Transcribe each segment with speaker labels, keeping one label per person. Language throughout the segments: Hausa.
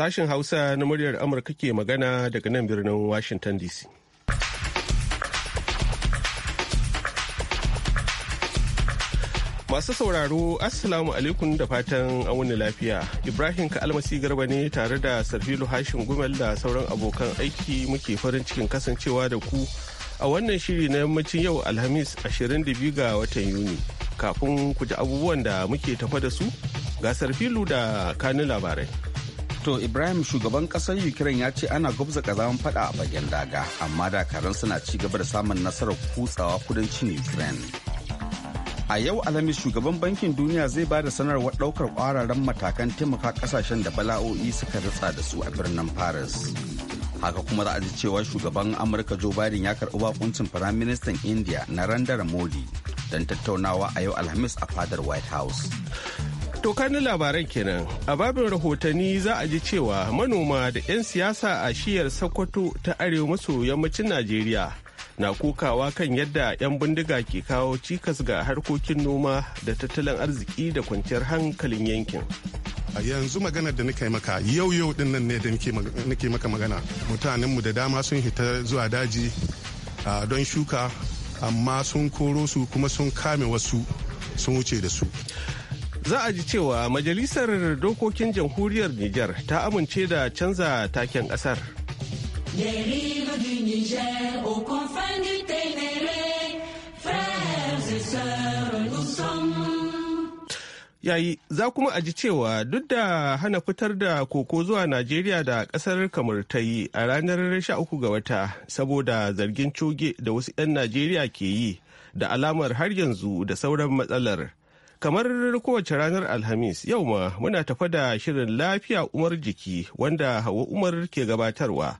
Speaker 1: Sashen Hausa na muryar Amurka ke magana daga nan birnin Washington DC. Masu sauraro, Assalamu alaikum da fatan wani lafiya. Ibrahim Ka'almasi Garba ne tare da Sarfilu Hashin Gumel da sauran abokan aiki muke farin cikin kasancewa da ku a wannan shiri na yammacin yau Alhamis 22 ga watan Yuni. Kafin ku ji abubuwan da muke tafa da su, ga Sarfilu da kanin labarai. To Ibrahim shugaban
Speaker 2: kasar Ukraine ya ce ana gwabza kazaman fada a bagen daga amma dakaran suna ci gaba da samun nasarar kutsawa kudancin Ukraine. A yau Alhamis shugaban bankin duniya zai ba da sanarwar daukar kwararan matakan taimaka kasashen da bala'o'i suka ritsa da su a birnin Paris. Haka kuma za a ji cewa shugaban Amurka Joe Biden ya karɓi bakuncin Firaministan India Narendra Modi don tattaunawa a yau Alhamis a fadar White House.
Speaker 1: To kanin labaran kenan a babin rahotanni za a ji cewa manoma da 'yan siyasa a shiyar Sokoto ta arewa maso yammacin Najeriya na kokawa kan yadda 'yan bindiga ke kawo cikas ga harkokin noma da tattalin arziki da kwanciyar hankalin yankin. yanzu maganar da yi maka yau yau din nan ne da nake maka magana mutanen mu da dama sun hita zuwa daji don shuka amma sun koro su kuma sun kame wasu sun wuce da su za a ji cewa majalisar dokokin jamhuriyar Nijar ta amince da canza taken ƙasar. Yayi za kuma a ji cewa duk da hana fitar da koko zuwa Najeriya da kasar kamar ta yi a ranar 13 ga wata saboda zargin coge da wasu 'yan Najeriya ke yi da alamar har yanzu da sauran matsalar. Kamar kowace ranar Alhamis yau ma muna tafa da shirin lafiya umar jiki wanda Hawa Umar ke gabatarwa.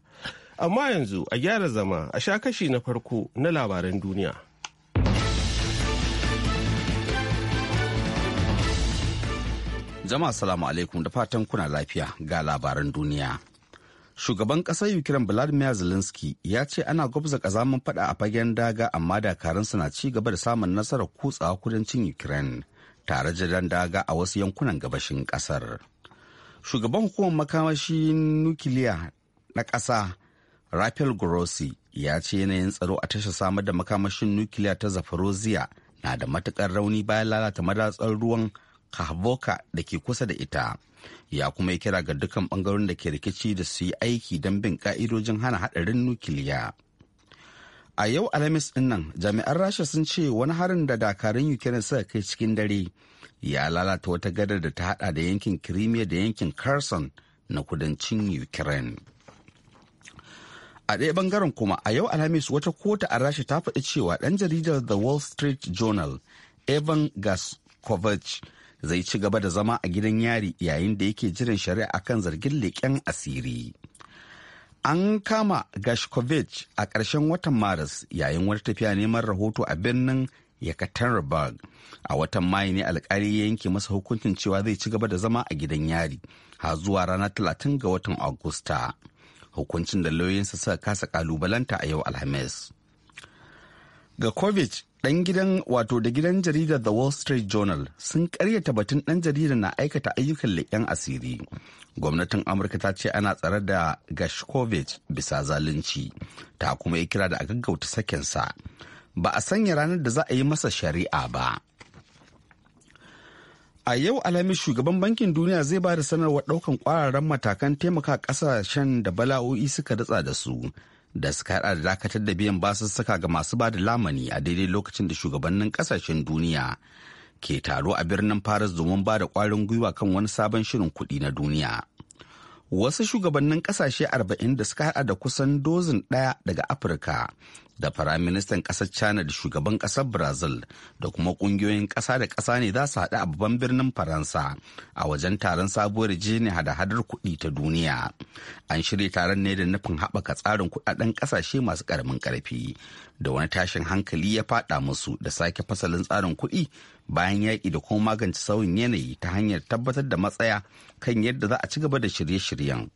Speaker 1: Amma yanzu a gyara zama a sha kashi na farko na labaran duniya.
Speaker 2: Zama salamu alaikum da fatan kuna lafiya ga labaran duniya. Shugaban ƙasar Ukraine Vladimir Zelensky ya ce ana gwabza kazamin faɗa a fagen daga amma dakaransa na ci gaba da samun nasarar kutsawa kudancin Ukraine tare da daga a wasu yankunan gabashin kasar shugaban hukumar makamashin nukiliya na ƙasa rafael grossi ya ce yanayin tsaro a tashar samar da makamashin nukiliya ta zaporozhia na da matukar rauni bayan lalata madatsar ruwan kahboka da ke kusa da ita ya kuma yi kira ga dukkan bangarorin da ke rikici da su yi aiki don bin ka'idojin hana hadarin nukiliya. a yau alhamis ɗinnan, jami'an rasha sun ce wani harin da dakarun ukraine suka kai cikin dare ya lalata wata gadar da ta hada da yankin crimea da yankin kherson na kudancin ukraine a ɗaya bangaren kuma a yau alhamis wata kota a rasha ta faɗi cewa ɗan jaridar the wall street journal evan gaskovich zai ci gaba da zama a gidan yari yayin da yake jiran shari'a akan zargin leƙen asiri an kama gashkovich a ƙarshen watan maris yayin wata tafiya neman rahoto a birnin yekaterinburg a watan mayu ne alkali ya yanke masa hukuncin cewa zai ci gaba da zama a gidan yari har zuwa ranar talatin ga watan agusta hukuncin da lauyinsa suka kasa kalubalanta a yau alhamis covid ɗan gidan wato da gidan jaridar The Wall Street Journal sun karyata batun ɗan jaridar na aikata ayyukan leƙen asiri. Gwamnatin Amurka ta ce ana tsare da Gashkovich bisa zalunci, ta kuma yi kira da a gaggauta sakinsa. Ba a sanya ranar da za a yi masa shari'a ba. A yau Alhamis shugaban bankin duniya zai ba da sanarwar daukan kwararan matakan taimaka ƙasashen da bala'o'i suka datsa da su da suka hada da dakatar da biyan basussuka ga masu ba da lamani a daidai lokacin da shugabannin kasashen duniya ke taro a birnin paris domin ba da kwarin gwiwa kan wani sabon shirin kudi na duniya wasu shugabannin kasashe 40 da suka hada da kusan dozin ɗaya daga afirka da firaministan ƙasar china da shugaban ƙasar brazil da kuma ƙungiyoyin ƙasa da ƙasa ne za su haɗu a babban birnin faransa a wajen taron sabuwar jini hada-hadar kuɗi ta duniya an shirya taron ne da nufin haɓaka tsarin kuɗaɗen ƙasashe masu ƙaramin ƙarfi da wani tashin hankali ya faɗa musu da sake fasalin tsarin kuɗi bayan yaƙi da kuma magance sauyin yanayi ta hanyar tabbatar da matsaya kan yadda za a ci gaba da shirye-shiryen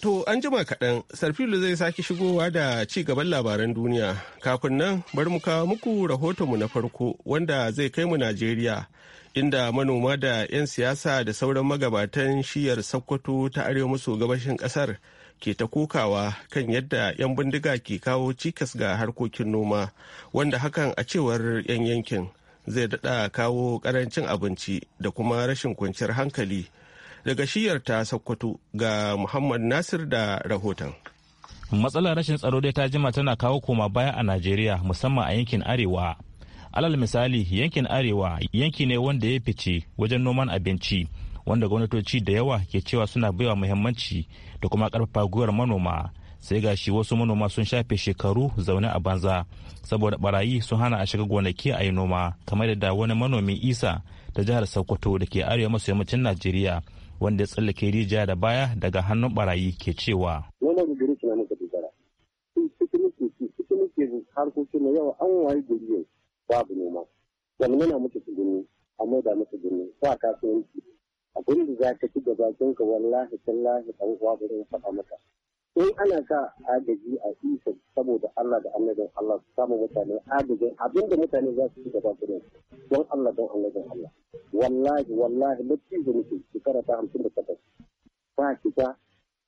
Speaker 1: To an jima kaɗan, Sarfilu zai sake shigowa da ci gaban labaran duniya. Kafin nan bari mu kawo muku rahotonmu na farko wanda zai kai mu Najeriya, inda manoma da 'yan siyasa da sauran magabatan shiyar Sokoto ta arewa maso gabashin ƙasar ke ta kokawa kan yadda 'yan bindiga ke kawo cikas ga harkokin noma, wanda hakan a cewar 'yan yankin zai daɗa kawo ƙarancin abinci da kuma rashin kwanciyar hankali. daga shiyar ta sokoto ga muhammad nasir da rahoton
Speaker 3: matsalar rashin tsaro dai ta jima tana kawo koma baya a najeriya musamman a yankin arewa alal misali yankin arewa yanki ne wanda ya fice wajen noman abinci wanda gwamnatoci da yawa ke cewa suna baiwa muhimmanci da kuma karfafa gwiwar manoma sai ga shi wasu manoma sun shafe shekaru zaune a banza saboda barayi sun hana a shiga gonaki a yi noma kamar da wani manomin isa ta jihar sokoto da ke arewa maso yammacin najeriya wanda ya tsallake rijiya da baya daga hannun barayi ke cewa.
Speaker 1: Wannan gari suna muka
Speaker 4: dogara. Cikin muke cikin muke harkokin na yawa an waye gari yau babu noma. Wani yana muke tsibiri, amma da muke birni, ka kasuwanci. Abin da za ka ci gaba don ka wallahi tallahi ɗan uwa ba zai faɗa maka. in ana sa agaji a isa saboda Allah da annabin Allah su samu mutane agajin abinda mutane za su yi gaba gudu don Allah don annabin Allah wallahi wallahi lafi da nake shekara ta hamsin da takwas ba shiga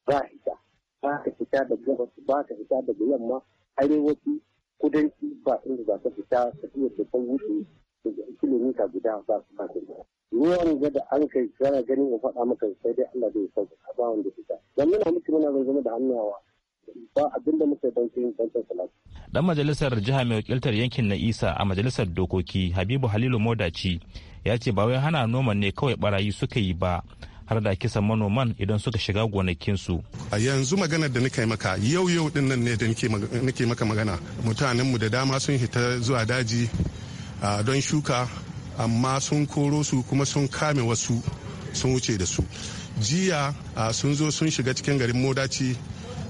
Speaker 4: ba hita ba ka fita da gabas ba ka fita daga yamma arewaci kudanci ba inda za ka fita fiye da ta wuce kilomita guda ba su ba ruwan da an kai kana ganin ya faɗa maka sai dai Allah zai sauka ba wanda dan muna miki muna zama da hannuwa ba abin da muke don
Speaker 3: dan majalisar jiha mai wakiltar yankin na isa a majalisar dokoki habibu halilu modaci ya ce ba wai hana noman ne kawai barayi suka yi ba har da kisan manoman idan suka shiga gonakinsu. A yanzu magana da nake maka yau yau din nan ne da nake maka magana. Mutanenmu da dama sun hita zuwa daji
Speaker 1: don shuka amma sun koro su kuma sun kame wasu sun wuce da su. jiya sun zo sun shiga cikin garin modaci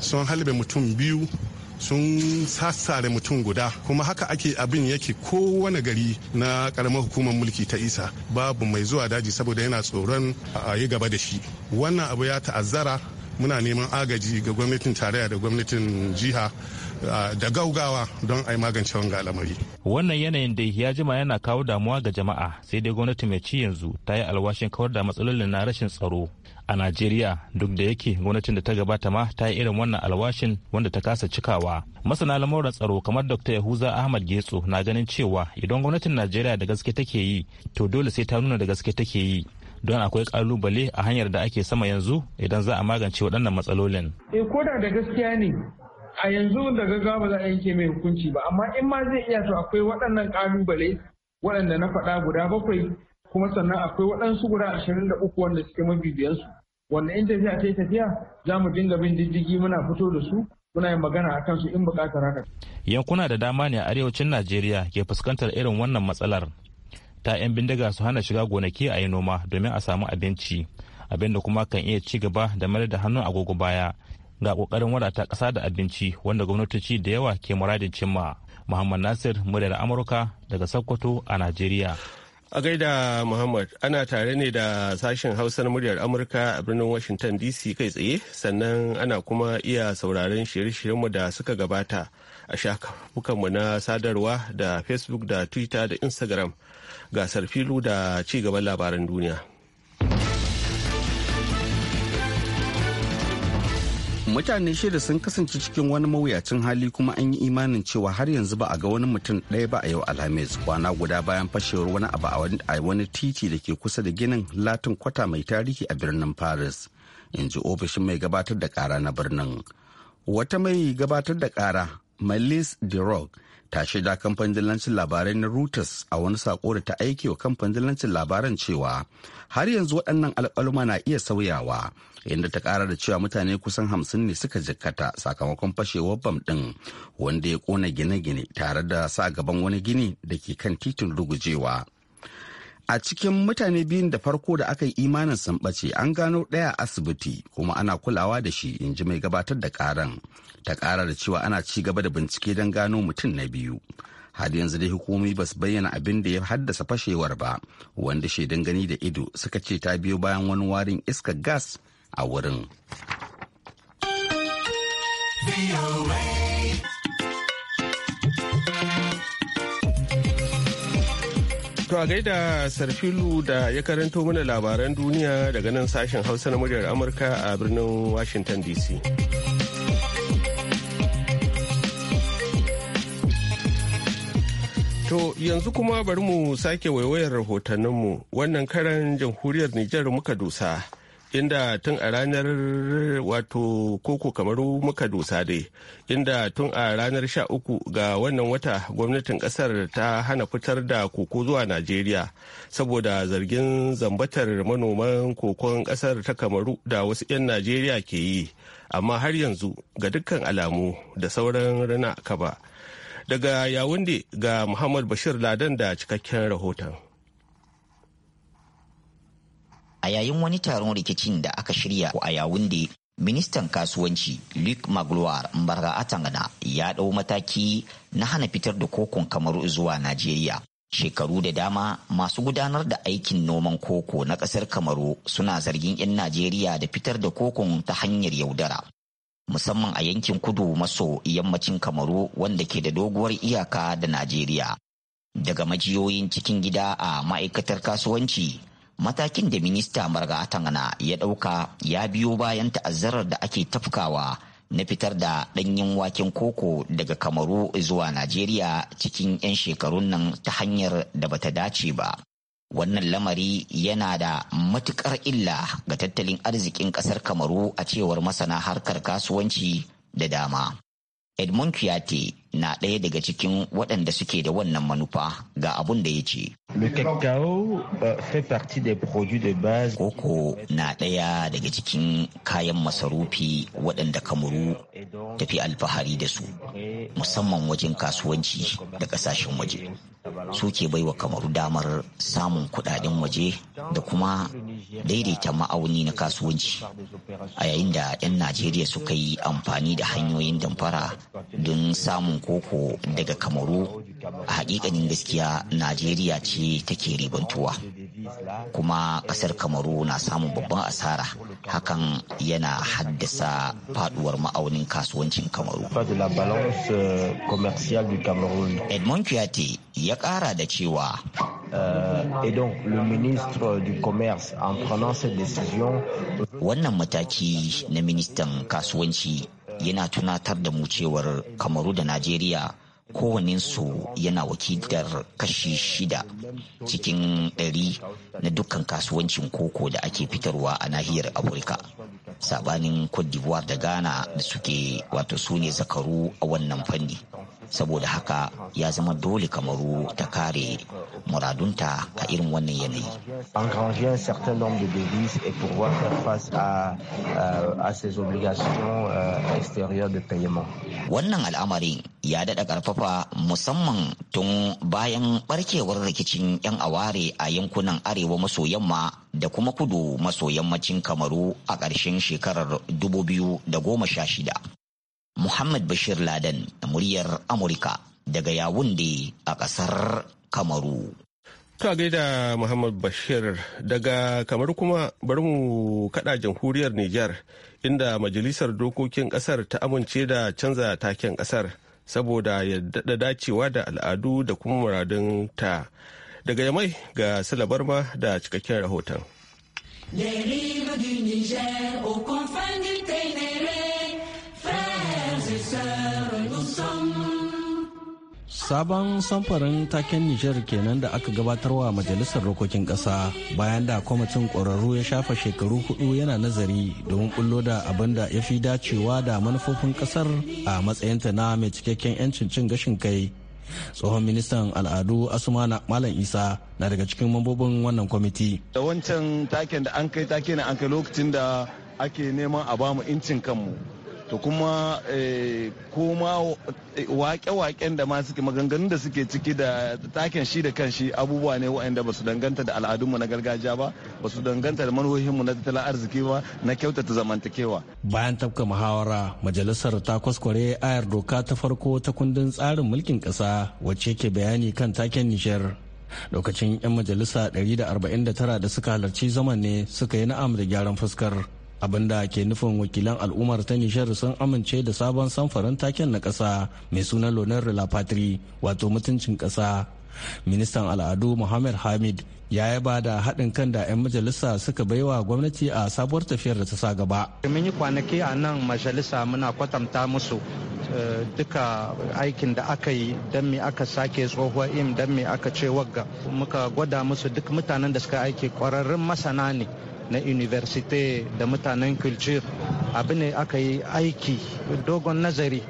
Speaker 1: sun halbe mutum biyu sun sassare mutum guda kuma haka ake abin yake kowane gari na karamar hukumar mulki ta isa babu mai zuwa daji saboda yana tsoron a yi gaba da shi wannan abu ya ta'azzara muna neman agaji ga gwamnatin tarayya da gwamnatin
Speaker 3: jiha da gaugawa don a yi magance wanga al'amari. Wannan yanayin da ya jima yana kawo damuwa ga jama'a sai dai gwamnati mai ci yanzu ta yi alwashin kawar da matsalolin na rashin tsaro a najeriya duk da yake gwamnatin da ta gabata ma ta yi irin wannan alwashin wanda ta kasa cikawa masana lamuran tsaro kamar dr yahuza ahmad getso na ganin cewa idan gwamnatin najeriya da gaske take yi to dole sai ta nuna da gaske take yi don akwai kalubale a hanyar da ake sama yanzu idan za a magance waɗannan matsalolin.
Speaker 1: E da da gaskiya ne a yanzu da gaggawa ba za a yanke mai hukunci ba amma in ma zai iya to akwai waɗannan kalubale waɗanda na faɗa guda bakwai kuma sannan akwai waɗansu guda ashirin da uku wanda suke mafi mabibiyansu wanda in tafiya ta yi tafiya za mu dinga bin diddigi muna fito da su muna yin magana a kansu in buƙatar haka.
Speaker 3: yankuna da dama ne a arewacin najeriya ke fuskantar irin wannan matsalar ta 'yan bindiga su hana shiga gonaki a yi noma domin a samu abinci abin da kuma kan iya ci gaba da mayar da hannun agogo baya ga kokarin wadata ƙasa da abinci wanda gwamnatoci da yawa ke muradin cimma muhammad nasir muryar amurka daga sokoto a najeriya
Speaker 1: A gaida Muhammad ana tare ne da sashen hausar muryar Amurka a birnin Washington DC kai tsaye sannan ana kuma iya sauraron shirye-shiryenmu da suka gabata a shafukanmu na sadarwa da Facebook da Twitter da Instagram gasar filu da ci gaban labaran duniya. mutane shida sun kasance cikin
Speaker 2: wani mawuyacin hali kuma an yi imanin cewa har yanzu ba a ga wani mutum ɗaya ba a yau alhamis kwana guda bayan fashewar wani abu a wani titi da ke kusa da ginin latin kwata mai tarihi a birnin paris in ji ofishin mai gabatar da kara na birnin wata mai gabatar da kara melis de rock ta shaida kamfanin dillancin labarai na Reuters a wani sako da ta aike wa kamfanin dillancin labaran cewa har yanzu waɗannan alƙaluma na iya sauyawa inda ta ƙara da cewa mutane kusan hamsin ne suka jikkata sakamakon fashewar bam ɗin wanda ya ƙona gine-gine tare da sa gaban wani gini da ke kan titin rugujewa. a cikin mutane biyun da farko da aka yi imanin sun an gano ɗaya asibiti kuma ana kulawa da shi in ji mai gabatar da karan ta ƙara da cewa ana ci gaba da bincike don gano mutum na biyu har yanzu dai hukumomi ba su bayyana abin da ya haddasa fashewar ba wanda shaidan gani da ido suka ce ta biyo bayan wani warin iskar gas a wurin.
Speaker 1: To a gaida Sarfilu da ya karanto mana labaran duniya daga nan sashen Hausa na muryar Amurka a birnin Washington DC. To yanzu kuma bari mu sake waiwayar rahotanninmu wannan karan jamhuriyar Nijar muka dusa. inda tun a ranar wato koko kamaru muka dosa dai inda tun a ranar sha uku ga wannan wata gwamnatin kasar ta hana fitar da koko zuwa najeriya saboda zargin zambatar manoman kokon kasar ta kamaru da wasu 'yan najeriya ke yi amma har yanzu ga dukkan alamu da sauran rana kaba daga yawunde ga muhammad bashir ladan
Speaker 5: da cikakken rahoton a yayin wani taron rikicin da aka shirya ko a yawunde ministan kasuwanci luc magloire mbarga atangana ya ɗau mataki na hana fitar da kokon kamaru zuwa najeriya shekaru da dama masu gudanar da aikin noman koko na ƙasar kamaru suna zargin 'yan najeriya da fitar da kokon ta hanyar yaudara musamman a yankin kudu maso yammacin kamaru wanda ke da doguwar iyaka da najeriya daga majiyoyin cikin gida a ma'aikatar kasuwanci matakin da minista marga atangana ya ɗauka ya biyo bayan ta'azzarar da ake tafkawa na fitar da ɗanyen waken koko daga kamaru zuwa najeriya cikin 'yan shekarun nan ta hanyar da bata dace ba wannan lamari yana da matukar illa ga tattalin arzikin ƙasar kamaru a cewar masana harkar kasuwanci da dama edmund Kiyate. na ɗaya daga cikin waɗanda suke da wannan manufa ga abun da ya ce. Euh, Koko na ɗaya daga cikin kayan masarufi waɗanda kamaru tafi alfahari da su musamman wajen kasuwanci da ƙasashen waje. Su ke baiwa kamaru damar samun kuɗaɗen waje da kuma daidaita ma'auni na kasuwanci a yayin da 'yan Najeriya suka yi amfani da hanyoyin damfara don samun koko daga kamaru a hakikanin gaskiya najeriya ce take ribantuwa kuma kasar kamaru na samun babban asara hakan yana haddasa faduwar ma'aunin kasuwancin kamaru euh, edmond kuyate ya kara da cewa euh, le ministre Wannan mataki na ministan kasuwanci yana tunatar da mu cewar kamaru da najeriya kowanninsu yana wakiltar kashi shida cikin ɗari na dukkan kasuwancin koko da ake fitarwa a nahiyar afirka sabanin cote d'ivoire da ghana da suke wato sune zakaru a wannan fanni saboda haka ya zama dole kamaru ta kare muradunta a irin wannan yanayi wannan al'amarin ya daɗa ƙarfafa musamman tun bayan ɓarkewar rikicin 'yan aware a yankunan arewa maso yamma da kuma kudu maso yammacin kamaru a ƙarshen shekarar 2016 Muhammad Bashir Laden da muryar Amurka daga Yawunde a ƙasar Kamaru.
Speaker 1: Ka gaida Muhammad Bashir daga kamar kuma bari mu kada jamhuriyar Nijar inda majalisar dokokin ƙasar ta amince da canza taken ƙasar saboda ya daɗa dacewa da al'adu da kuma muradun ta. Daga yamai ga Salabar ma da cikakken rahoton.
Speaker 4: Sabon samfarin taken Nijar kenan da aka gabatarwa Majalisar Rokokin kasa bayan da kwamitin ƙwararru ya shafa shekaru hudu yana nazari domin bullo da abin da ya fi dacewa da manufofin ƙasar a matsayinta na mai cikakken 'yancin cin gashin kai. Tsohon ministan al'adu Asumana Malam Isa na daga cikin mambobin wannan kwamiti.
Speaker 1: Da wancan taken da an kai take na an kai lokacin da ake neman a bamu incin kanmu. to kuma eh, koma wake-waken da ma suke maganganun da suke ciki da takin shi da kan shi abubuwa ne waɗanda ba su danganta da al'adunmu na gargajiya ba ba su danganta da manuhohinmu na tattalin arziki ba na kyautata zamantakewa.
Speaker 4: bayan tafka muhawara majalisar ta kwaskware ayar doka ta farko ta kundin tsarin mulkin ƙasa wacce ke bayani kan taken nishar lokacin 'yan majalisa 149 da suka halarci zaman ne suka yi na'am da gyaran fuskar da ke nufin wakilan al'ummar ta nishar sun amince da sabon samfarin taken na kasa mai sunan lonar la patri wato mutuncin kasa ministan al'adu muhammad hamid ya yaba da haɗin kan da 'yan majalisa suka baiwa gwamnati a sabuwar tafiyar da ta sa gaba.
Speaker 3: mun yi kwanaki a nan majalisa muna kwatanta musu eh, duka aikin da aka yi don me aka sake tsohuwar im don me aka ce wagga muka gwada musu duk mutanen da suka aiki kwararrun masana ne na university da mutanen culture abu ne aka yi aiki dogon nazari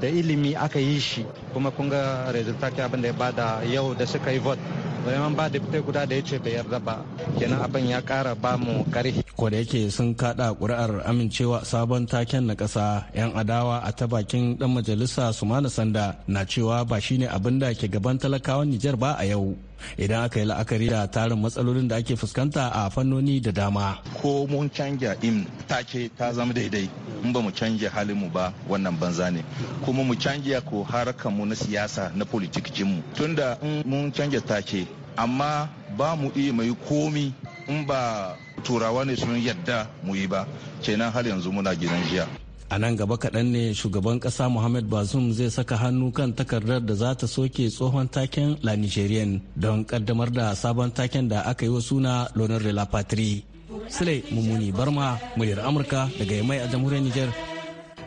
Speaker 3: da ilimi aka yi shi kuma kun ga resultati abin da ya bada yau da suka yi vote bayan ba deputai guda da ya ce bai yarda ba kenan abin ya kara ba mu kare ko da
Speaker 4: yake sun kada kuri'ar amincewa sabon taken na kasa yan adawa a ta bakin dan majalisa sumana sanda na cewa ba shine abin da ke gaban talakawan nijar ba a yau idan aka yi la'akari da tarin matsalolin da ake fuskanta a fannoni da dama.
Speaker 3: Ko mun canja im take ta zama daidai in ba mu canja halinmu ba wannan banza ne. Kuma mu canja ko mu na siyasa na mu Tunda in mun canja take amma ba mu iya mai komi in ba turawa ne sun yadda mu yi ba kenan har yanzu muna gidan jiya.
Speaker 4: a nan gaba kaɗan ne shugaban ƙasa muhammad bazum zai saka hannu kan takardar da za ta soke tsohon taken la nigerian don ƙaddamar da sabon taken da aka yi wa suna lonar de la patrie sule mummuni barma muryar amurka daga yamai a jamhuriyar niger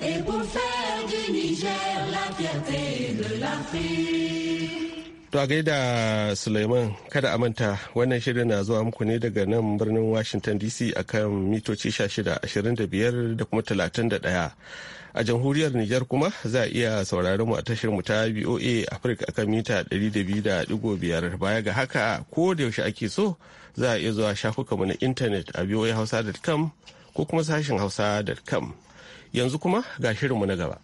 Speaker 4: Et pour faire du Niger la fierté de l'Afrique.
Speaker 1: To a gaida Suleiman kada a manta wannan shirin na zuwa muku ne daga nan birnin Washington DC akan mitoci 1625 da kuma 31. A jamhuriyar Nijar kuma za a iya sauraron mu a tashar mu ta BOA Africa akan mita 200.5 baya ga haka ko da yaushe ake so za a iya zuwa shafukanmu na intanet a boahausa.com ko kuma sashin hausa.com. Yanzu kuma ga shirinmu na gaba.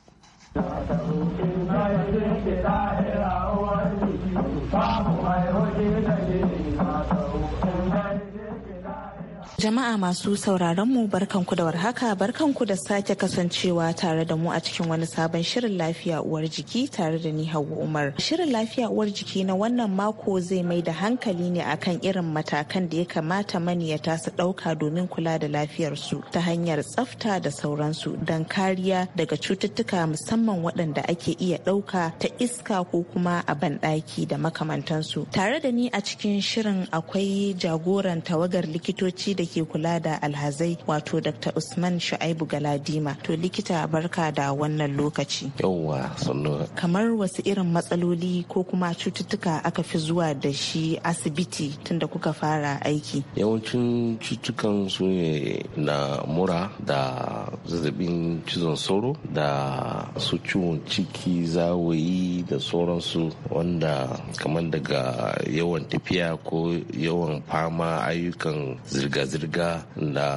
Speaker 6: Jama'a masu sauraron mu barkanku da warhaka barkanku da sake kasancewa tare da mu a cikin wani sabon shirin lafiya uwar jiki tare da ni Hauwa Umar. Shirin lafiya uwar jiki na wannan mako zai mai da hankali ne akan irin matakan da ya kamata mani maniyata su ɗauka domin kula da lafiyar su ta hanyar tsafta da sauransu don kariya daga cututtuka musamman waɗanda ake iya ɗauka ta iska ko kuma a banɗaki da makamantansu. Tare da ni a cikin shirin akwai jagoran tawagar likitoci da ke kula da alhazai wato Dr. Usman Shu'aibu Galadima. To likita barka da wannan lokaci. Yawwa, Kamar wasu irin matsaloli ko kuma cututtuka aka fi zuwa da shi asibiti tunda kuka fara aiki.
Speaker 7: Yawancin cutukan su ne na mura da zazzabin cizon sauro da su ciwon ciki zawayi da sauransu wanda kamar daga yawan tafiya ko yawan fama ayyukan zirga-zirga zirga da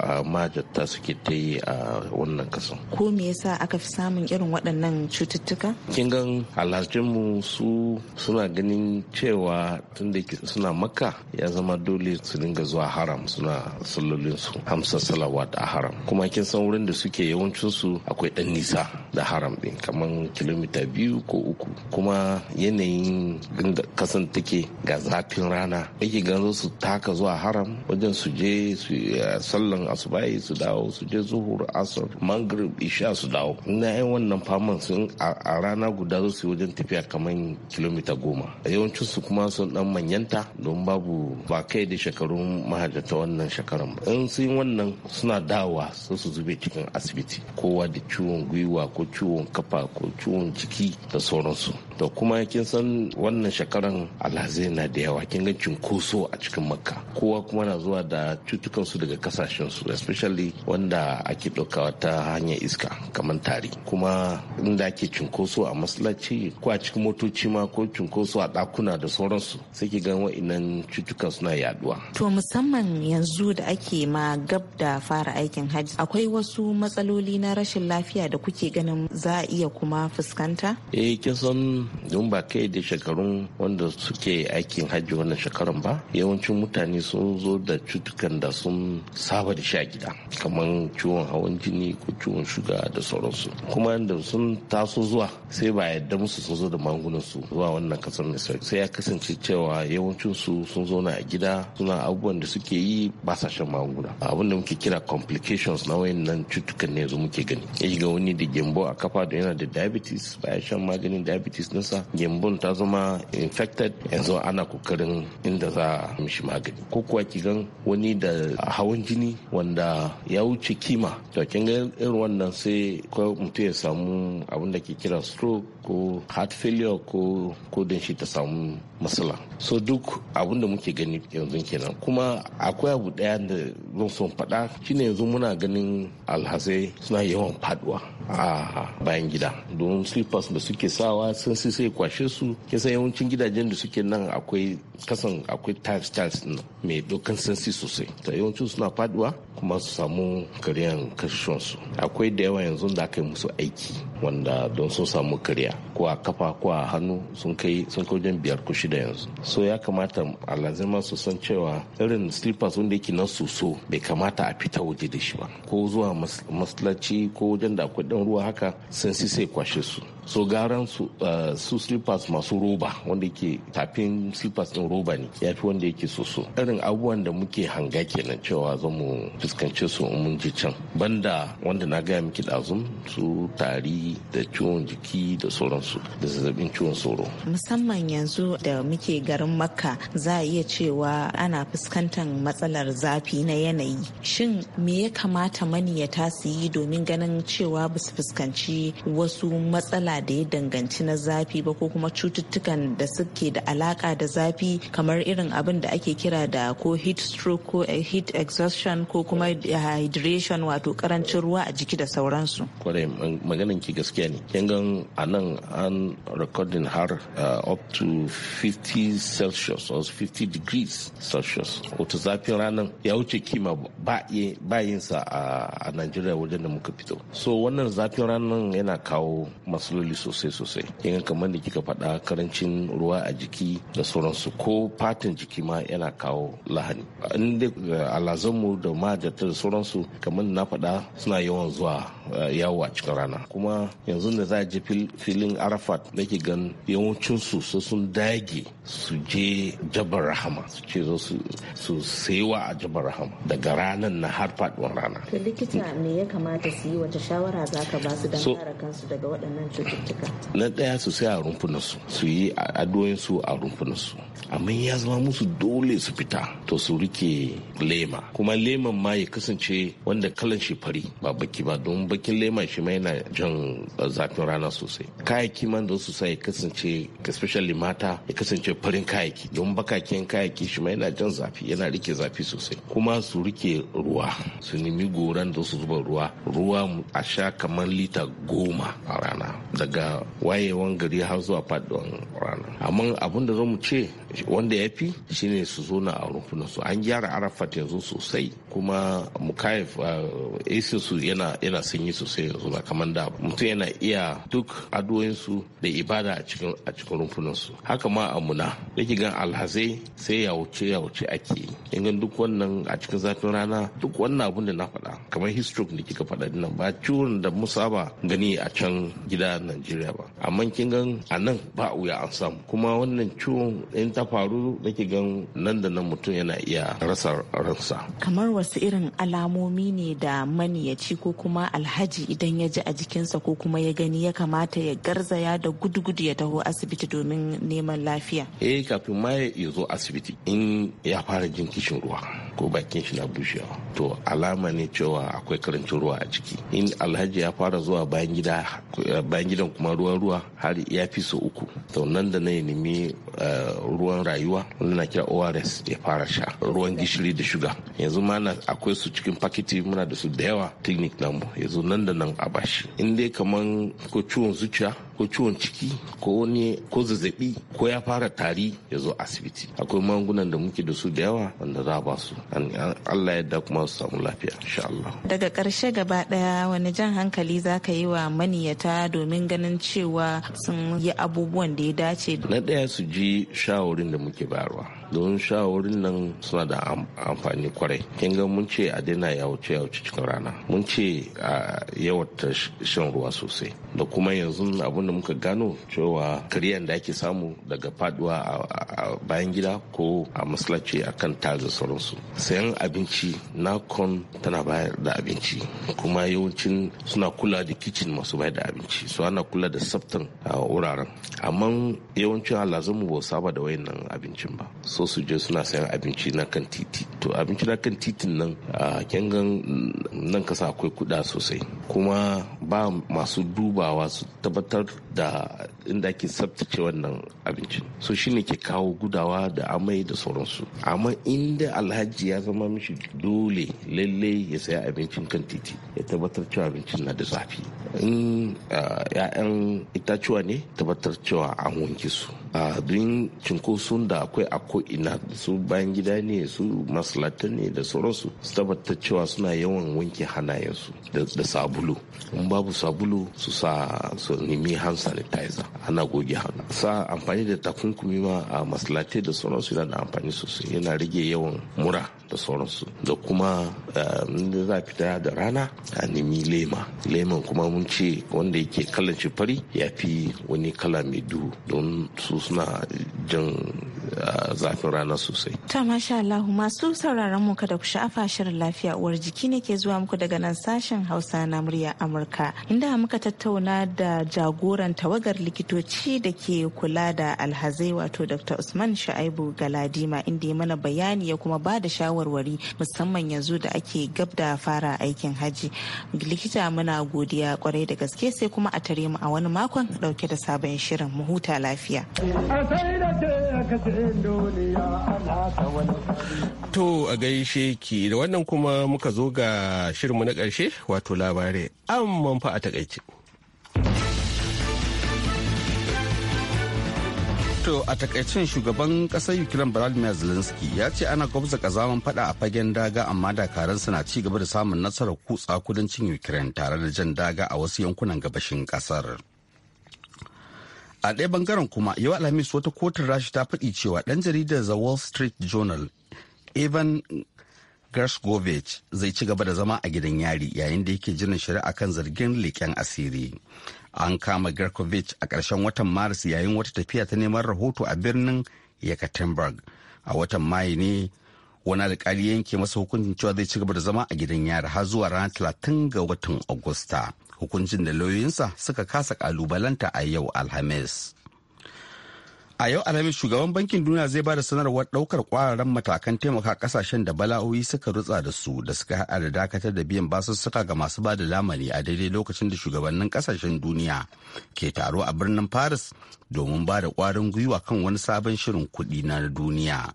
Speaker 7: ah, majata suke ta yi a wannan kasan.
Speaker 6: Ko me yasa aka fi samun irin waɗannan cututtuka?
Speaker 7: Kin gan alhajinmu su suna ganin cewa tun da suna maka ya zama dole su dinga zuwa haram suna sallolinsu hamsa salawat a haram. Kuma kin san wurin da suke yawancinsu akwai ɗan nisa da haram ɗin kamar kilomita biyu ko uku. Kuma yanayin kasan take ga zafin rana. Ake ganin su taka zuwa haram wajen su je su eh, sallan asubahi su dawo su je zuhur asar maghrib isha su dawo na yi wannan faman sun a rana guda su wajen tafiya kamar kilomita goma a yawancin su kuma sun dan manyanta don babu ba kai da shekarun mahajjata wannan shekaran ba in sun wannan suna dawa su su zube cikin asibiti kowa da ciwon gwiwa ko ciwon kafa ko ciwon ciki da sauransu da kuma kin san wannan shekaran alhazai na da yawa kin ga cinkoso a cikin makka kowa kuma na zuwa da da cutukansu daga kasashensu especially wanda ake ɗaukawa ta hanyar iska kamar tari kuma inda ake cunkoso a masallaci ko a cikin motoci ma ko cunkoso a ɗakuna da sauransu sai ki gan wa'innan cutukan suna yaduwa.
Speaker 6: to musamman yanzu da ake ma gab da fara aikin hajji akwai wasu matsaloli na rashin lafiya da kuke ganin za a iya kuma fuskanta?
Speaker 7: eh kin san don ba kai da shekarun wanda suke aikin hajji wannan shekarun ba yawancin mutane sun zo da cutukan cututtukan da sun saba da shi a gida kamar ciwon hawan jini ko ciwon shuga da sauransu kuma da sun taso zuwa sai ba yadda musu sun zo da magungunan su zuwa wannan kasar misali sai ya kasance cewa yawancin su sun zo na a gida suna abubuwan da suke yi ba sa shan magunguna abin da muke kira complications na wayannan cutukan ne yanzu muke gani ya ga wani da gembo a kafa da yana da diabetes baya shan maganin diabetes nasa gembon ta zama infected yanzu ana kokarin inda za a mishi magani ko kuwa kigan wani amfani da hawan jini wanda ya wuce kima to kin ga irin wannan sai ko mutum ya samu abin da ke kira stroke ko heart failure ko ko don shi ta samu matsala so duk abin da muke gani yanzu kenan kuma akwai abu daya da zan son faɗa shine yanzu muna ganin alhazai suna yawan faduwa a bayan gida don slippers da suke sawa sun sai sai kwashe su kisan yawancin gidajen da suke nan akwai kasan akwai tiles tiles mai dokan sansi sosai ta yawancin suna faduwa kuma su samu karyan kashe su akwai da yawa yanzu da aka yi musu aiki wanda don sun samu karya ko a kafa ko a hannu sun kai sun kai wajen biyar ko shida yanzu so ya kamata alazima su san cewa irin slippers wanda yake na soso bai kamata a fita waje da shi ba ko zuwa masallaci ko wajen da akwai dan ruwa haka sun si sai kwashe su so garan su eh, su slippers masu roba wanda yake tafin slippers din roba ne ya fi wanda yake soso irin abubuwan da muke hanga kenan cewa za mu fuskance su mun ji can banda wanda na gaya miki ɗazun su tari da ciwon jiki da sauransu da zazzabin ciwon sauro
Speaker 6: musamman yanzu da muke garin makka za a iya cewa ana fuskantar matsalar zafi na yanayi shin me ya kamata maniyata su yi domin ganin cewa ba su fuskanci wasu matsala da ya danganci na zafi ba ko kuma cututtukan da suke da alaka da zafi kamar irin abin da ake kira da ko heat stroke ko eh, heat exhaustion ko kuma eh, hydration wato karancin ruwa a jiki da sauransu
Speaker 7: kwarai maganin ki gaskiya ne kin gan a nan an recording har uh, up to 50 celsius or 50 degrees celsius wato zafin ranar ya wuce kima ba sa a nigeria wajen da muka fito so wannan zafin ranar yana kawo matsaloli sosai sosai kin kamar da kika faɗa karancin ruwa a jiki da sauransu ko fatin jiki ma yana kawo lahani in uh, alazanmu da ma da sauransu kamar na faɗa suna yawan zuwa Eh, yawo a cikin rana kuma yanzu da za a je filin arafat nake gan yawancinsu su sun dage su je jabar rahama su ce zo su saiwa a jabar rahama daga ranar na har faduwar rana
Speaker 6: likita me ya kamata su yi wata shawara za ka ba su don kare daga waɗannan cututtuka
Speaker 7: na ɗaya su sai a rumfunansu su yi su a rumfunansu amma ya zama musu dole su fita to su rike lema kuma leman ma ya kasance wanda kalan shi fari ba baki ba don bakin lema shi mai na jan zafin rana sosai kayaki man don su sai kasance especially mata ya kasance farin kayaki. don bakakin kayaki shi mai na jan zafi yana rike zafi sosai kuma su rike ruwa su nemi goran don su zuba ruwa ruwa a sha kamar lita goma a rana daga wayewan gari har zuwa faduwan rana amma abin da zamu ce wanda ya fi shine su zo na a su an gyara arafat yanzu sosai kuma mukayef eh, ac su yana yana sun yi sosai yanzu ba kamar da mutum yana iya duk addu'oyinsu da ibada a cikin a cikin rumfunansu haka ma a muna yake gan alhazai sai ya wuce ya wuce ake in gan duk wannan a cikin zafin rana duk wannan abun da na faɗa kamar histrok da kika faɗa nan ba ciwon da mu saba gani a can gida Najeriya ba amma kin gan a nan ba wuya an samu kuma wannan ciwon in ta faru nake gan nan da nan mutum yana iya rasa ransa
Speaker 6: kamar wasu irin alamomi ne da maniyaci ko kuma alhazai alhaji idan ya ji a jikinsa ko kuma ya gani ya kamata ya garzaya da gudu ya taho asibiti domin neman lafiya
Speaker 7: eh kafin ma ya zo asibiti in ya fara jin kishin ruwa ko bakin shi na bushewa to alama ne cewa akwai karancin ruwa a ciki in alhaji ya fara zuwa bayan gida bayan gidan kuma ruwan ruwa har ya fi so uku to nan da na ya nemi eh, ruwan rayuwa wanda na kira ors ya fara sha ruwan gishiri da shuga yanzu ma akwai su cikin pakiti muna da su da yawa clinic namu yanzu zo nan da nan a bashi in dai kaman ko ciwon zuciya ko ciwon ciki ko wani ko zazzabi ko ya fara tari ya zo asibiti akwai magungunan da muke da su da yawa wanda za a ba su Allah yadda kuma su samu lafiya insha Allah
Speaker 6: daga karshe gaba ɗaya, wani jan hankali za ka yi wa maniyata domin ganin cewa sun yi abubuwan da ya dace
Speaker 7: na ɗaya su ji shawarin da muke bayarwa don shawarin nan suna da amfani kwarai kin ga mun ce a daina yawace yawace cikin rana mun ce a yawata shan ruwa sosai da kuma yanzu abin da muka gano cewa kariyan da ake samu daga faduwa a bayan gida ko a masallaci akan tiles da sauransu sayan abinci na nakon tana bayar da abinci kuma yawancin suna kula da kicin masu bayar da abinci su ana kula da tsaftan wuraren amma yawancin mu ba saba da wayannan abincin ba so su je suna sayan abinci na kan titi to abinci na kan titin nan a kengan nan kasa akwai kuda sosai kuma ba masu duba Wa su tabbatar da inda ake tsabtace wannan abincin so shine ke kawo gudawa da amai da sauransu amma inda alhaji ya zama mishi dole lalle ya saya abincin kan titi ya tabbatar cewa abincin na da zafi in ya'yan itacuwa ne tabbatar cewa an wanke su a don cinkoson da akwai a ko'ina su bayan gida ne su masalatan ne da sauransu su tabbatar cewa suna yawan wanke hannayensu da sabulu in babu sabulu su sa su nemi hansa sanitizer ana goge hannu sa amfani da takunkumi ma a masallatai da sauransu yana da amfani sosai yana rage yawan mura da sauransu da kuma eh, za a fita da rana a nemi lema leman kuma mun ce wanda yake kalan fari ya fi wani kala mai duhu don su suna jan eh, zafin rana sosai.
Speaker 6: Ta masha Allah masu sauraron mu kada ku sha'afa shirin lafiya uwar jiki ne ke zuwa muku daga nan sashen Hausa na murya Amurka inda muka tattauna da jagoran tawagar likitoci da ke kula da alhazai wato Dr. Usman Shaibu Galadima inda ya mana bayani ya kuma ba da shawara shawarwari musamman yanzu da ake gab da fara aikin hajji likita muna godiya kwarai da gaske sai kuma a tare mu a wani makon dauke da sabon shirin mu huta lafiya
Speaker 1: to a gaishe ki da wannan kuma muka zo ga shirinmu na karshe wato labarai amman fa a takaice a takaicin shugaban kasar Ukraine
Speaker 2: vladimir Zelensky ya ce ana gwabza kazaman fada a fagen daga amma dakaran na ci gaba da samun nasarar kutsa kudancin Ukraine tare da jan daga a wasu yankunan gabashin kasar. A daya bangaren kuma yau Alhamis wata kotun rashi ta faɗi cewa ɗan jaridar The Wall Street Journal Evan Gershkovich zai ci gaba da zama a gidan yari yayin da yake jiran shari'a kan zargin leƙen asiri. An kama Gershkovich a ƙarshen watan Maris yayin wata tafiya ta neman rahoto a birnin Yekaterinburg. A watan Mayu ne wani alƙali yanke masa hukuncin cewa zai ci gaba da zama a gidan yari har zuwa ranar talatin ga watan Agusta. Hukuncin da lauyoyinsa suka kasa ƙalubalanta a yau Alhamis. A yau Alhamis shugaban bankin duniya zai ba da sanarwar daukar kwararan matakan taimaka kasashen da bala'o'i suka rutsa da su da suka haɗa da dakatar da biyan basussuka ga masu ba da lamani a daidai lokacin da shugabannin kasashen duniya ke taro a birnin Paris domin ba da ƙwarin gwiwa kan wani sabon shirin kuɗi na duniya.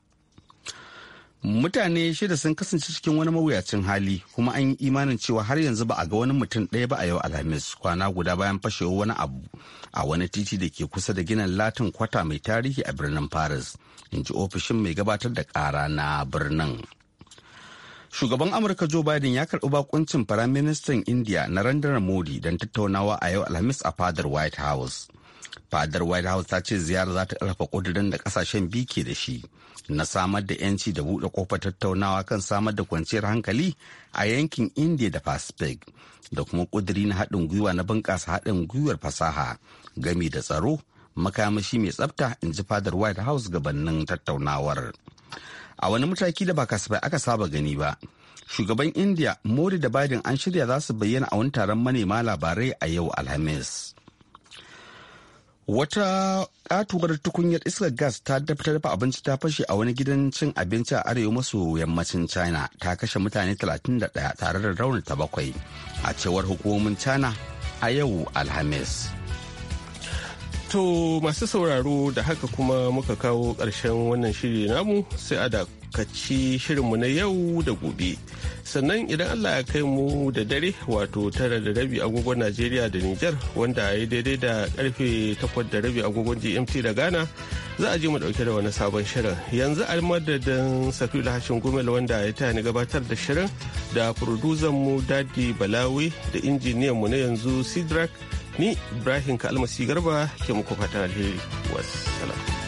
Speaker 2: mutane shida sun kasance cikin wani mawuyacin hali kuma an yi imanin cewa har yanzu ba a ga wani mutum ɗaya ba a yau alhamis kwana guda bayan fashewa wani abu a wani titi da ke kusa da ginin latin kwata mai tarihi a birnin paris in ji ofishin mai gabatar da ƙara na birnin shugaban amurka joe biden ya karɓi bakuncin firaministan india narendra modi don tattaunawa a yau alhamis a fadar white house fadar white house ta ce ziyara za ta karfafa kudurin da ƙasashen biyu ke da shi na samar da yanci da buɗe kofar tattaunawa kan samar da kwanciyar hankali a yankin india da pacific da kuma ƙudiri na haɗin gwiwa na bunƙasa haɗin gwiwar fasaha gami da tsaro makamashi mai tsafta in ji fadar white house gabanin tattaunawar a wani mataki da ba kasafai aka saba gani ba shugaban india modi da biden an shirya za su bayyana a wani taron manema labarai a yau alhamis wata katuwar tukunyar iskar gas ta dafa dafa abinci ta fashe a wani gidan cin abinci a arewa maso yammacin china ta kashe mutane 31 tare da
Speaker 1: raunata bakwai a cewar hukumomin china a yau alhamis To masu sauraro da haka kuma muka kawo ƙarshen wannan shiri namu sai a dakaci shirinmu na yau da gobe. Sannan idan Allah ya kai mu da dare wato tara da rabi agogon Najeriya da niger wanda ya daidai da karfe takwas da rabi agogon GMT da Ghana za a je mu dauke da wani sabon shirin. Yanzu a madadin Hashin Gumel wanda ya tani gabatar da shirin da mu Dadi Balawi da mu na yanzu Sidrak. ni ibrahim ka Almasi garba ke muku fatan alheri wassalam